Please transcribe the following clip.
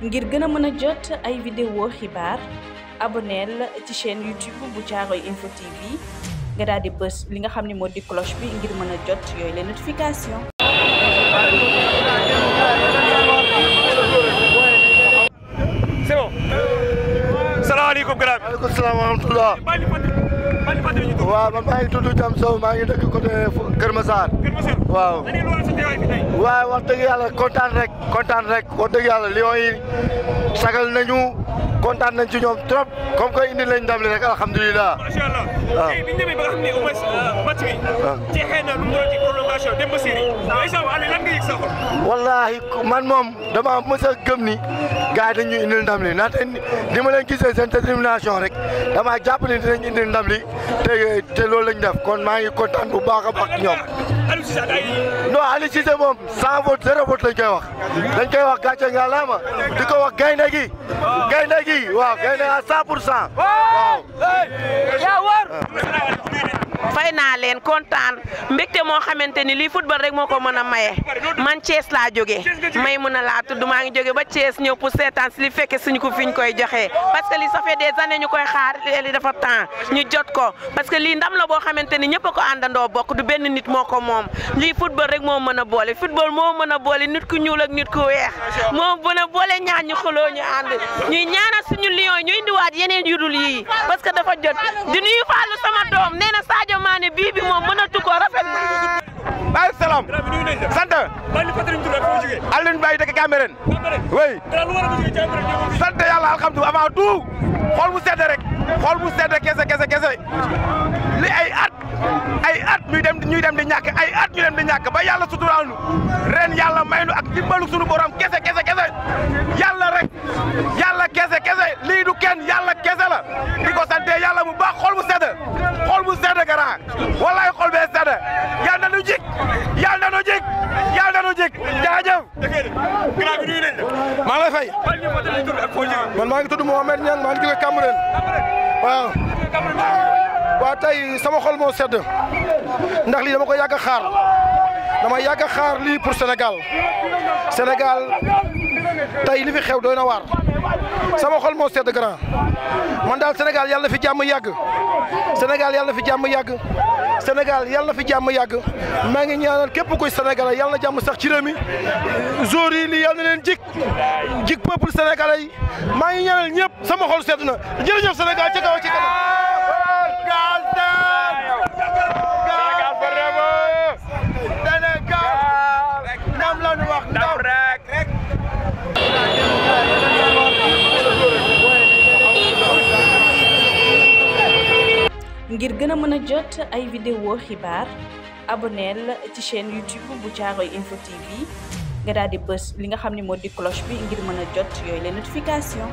ngir gën a mën a jot ay vidéo xibaar aboneel ci chaîne YouTube bu Caaroy info TV nga daal di bës li nga xam ne moo di cloche bi ngir mën a jot yooyu la notification. c'est bon. salaamaaleykum. maaleykum salaam wa rahmatulah. waaw man maa ngi tudd Thiam Sow maa ngi dëkk côté Kër Massar. waaw. waaw wax kontaan rek kontaan rek wax dëgg yàlla Lions sagal nañu kontaan nañ ci ñoom trop comme que indi lañ ndam li rek alhamdulilah. macha euh, man moom dama mës a ni. gars yi dañuy indil ndam li ndaxte di ma leen gisee seen détermination rek dama jàpp ni dinañ indil ndam li te te loolu lañ def kon maa ngi kontaan bu baax a baax Aliou Cissé ak ay. non Aliou Cissé moom 100 vote 0 vote lañ koy wax dañ koy wax gàcce nga laama di ko wax gaynde gi. gaynde gi waaw gaynde à 100 pour cent. waaw. fay naa leen kontaan mbégte moo xamante ni lii football rek moo ko mën a maye man Thiès laa jógee may mën a laa tudd maa ngi jóge ba Thiès ñëw pour seetaan si li fekke suñ ko fi ñu koy joxee parce que lii ça fait ñu koy xaar li dafa temps ñu jot ko parce que lii ndam la boo xamante ni ñëpp a ko àndandoo bokk du benn mom li football rek mo meuna bolé football mo meuna bolé nit ku ñuul ak nit ku wéx mo meuna bolé ñaan ñu xolo ñu and ñuy ñaana suñu lion yi indi waat yeneen yudul yi parce que dafa jot di nuyu fàllu sama doom nee Sadio Mané bi bi moom mën a rafet na Baye Salam sant Alioune baye dëkk Cambérène oui Sante Yalla alhamdulilah avant tout Xol bu sédé rek Xol bu sédé kessé kessé kessé. li ay ñuy dem di ñàkk ay at ñu dem di ñàkk ba yàlla suturaal nu ren yàlla may nu ak dimbalu sunu borom kese kese kese yàlla rek yàlla kese kese lii du kenn yàlla kese la di ko sante yàlla mu baax xol bu sedd xol bu sedd garaa wallaay xol bee sedd yàlla na nu jik yàlla nu jik yàlla nu jik jaajëf. maa ngi lay fay man maa ngi tudd Mohamed Niang maa ngi jóge Cameroun waa tey sama xol moo sedd ndax lii dama ko yàgg a xaar dama yàgg xaar lii pour Sénégal Sénégal tey li fi xew doy na waar sama xol moo sedd grand man daal Sénégal yàlla na fi jàmm yàgg Sénégal yàlla na fi jàmm yàgg Sénégal yàlla na fi jàmm yàgg maa ngi ñaanal képp kuy sénégalais yàlla na jàmm sax ci réew mi jour yi lii yàlla na leen jik jik peuple sénégalais yi maa ngi ñaanal ñëpp sama xol sedd na jërëjëf Sénégal ca kaw ci ngir gëna a mën jot ay vidéo xibaar abonnel ci chaîne YouTube bu Caaroy info TV nga daal di bës li nga xam ne moo di cloche bi ngir mën a jot yooyu les notification